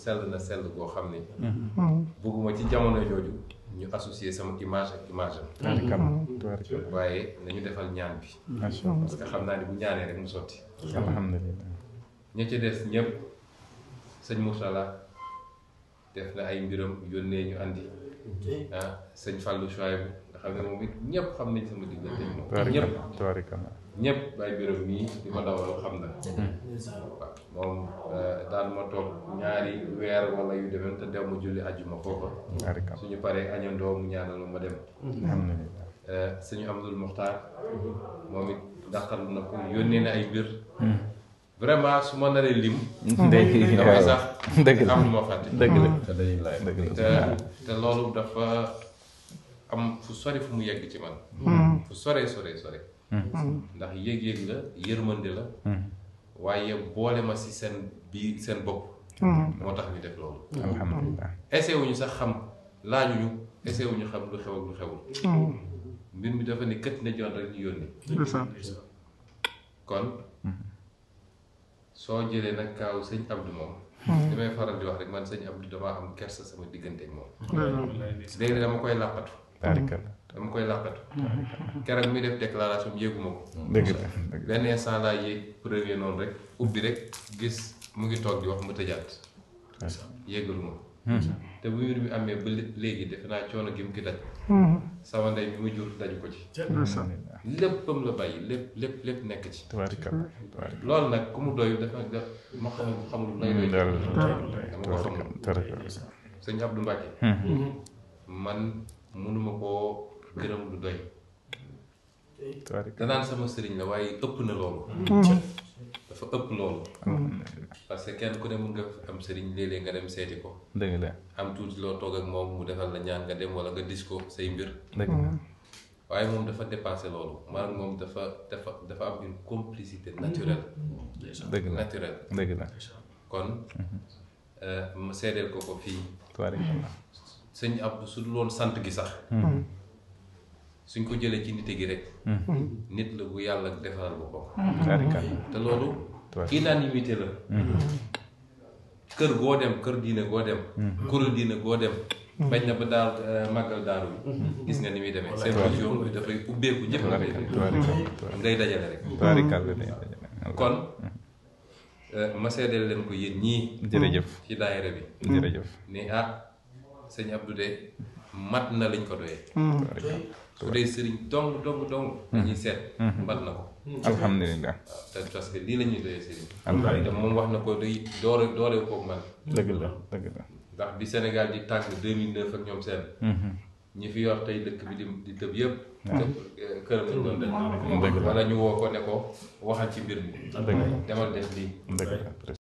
sell na sell boo xam ne. Mm-hmm. bëgguma ci jamono jooju ñu associer sama image ak image am. Mm-hmm. Mm-hmm. waaye nañu defal ñaan bi. parce que xam naa ni bu ñaanee rek mu sotti. alhamdulilah ña ca des ñëpp sëñ Mourtala def na ay mbiram yónnee ñu andi. ah sëñ Fallou Chouaib nga ne moom it ñëpp xam nañ sama diggante moom ñëpp. ñëpp bay biram ma di a dawal xam na moom euh, daan toog ñaari weer wala yu demee te dew ma julli ajjuma foofa suñu paree añandoo mu ñaanal ma dem euh, suñu Abdul Muxtaar mhm. moom it ndaxtal na ko yónnee na ay mbir mhm. vraiment su ma naree lim. dëgg la damay te te loolu dafa am fu sore fu mu yegg ci man. Mhm. fu sore sore sore. Hmm. ndax yëg-yëg la yërmande la hmm. waaye boole ma si seen bii seen bopp hmm. moo tax ñu def loolu alhamdulilah essayé sax xam laajuñu essayé wuñu xam lu xew ak lu xewul mbir mi dafa ne kët na joon rek ñu yónni kon soo jëlee nag kaaw sëñ Abdou moom li may faral di wax rek man sëñ Abdou damaa am kersa sama diggante ak moom léegi dama koy làppatu dama koy làqatu keroog mi def déclaration yéeguma ko benn instant laa yéeg premier noonu rek ubbi rek gis mu ngi toog di wax mu tëjaat yéegaluma te bu mbir mi amee ba léegi defe naa coono gi mu ki daj sama bi mu jur daju ko ci léppam la bàyyi lépp lépp nekk ci loolu nag ku mu doyu dafa def ma xamul xamul lay doy dama ko xamul sëñ Abdou Mbacke hmm. man mënuma koo gërëm du doy danaan sama sëriñ la waaye ëpp na loolu mm. Mm. dafa ëpp loolu parce que kenn ku ne mun nga am sëriñ léeg-léeg nga dem seeti ko dëgg la am tuuti loo toog ak moom mu defal la ñaan nga dem wala nga dis ko say mbir dëgg la mm. waaye moom dafa dépassé loolu maanaam moom dafa dafa dafa am une complicité naturelle dëgg la naturelle dëgg la kon mm-hmm. euh, ma seedeel ko ko fii sëñ Abdou su dul woon sant gi sax mm-hmm. suñ ko jëlee ci nite gi rek. Hmm. nit la bu yàlla defaral bu ko. te loolu. unanimité la. Hmm. kër goo dem kër diine goo dem. Hmm. kuréel diine goo dem. bañ na ba daal euh, màggal daaru bi gis nga ni muy demee seen vision bi dafay ubbeeku ñëpp nga ngay dajale rek kon euh, ma seedeel leen ko yéen ñii jërëjëf ci daayira bi jërëjëf ni ah sëñ Abdou de mat na liñ ko doyee. Mm-hmm. su dee sëriñ dong dong dong. Mm-hmm. dañuy seet. mat mm-hmm. na ko. alhamdulilah. waaw parce que lii la ñuy doyee sëriñ. alhamdulilah moom wax na ko day doore doore ko man. dëgg la dëgg la. ndax bi Sénégal di tàng 2009 ak ñoom seen. ñi fi yor tey dëkk bi di di tëb yëpp. Eh, këram lañ doon def. wala ñu woo ko ne ko waxal ci mbir demal def lii.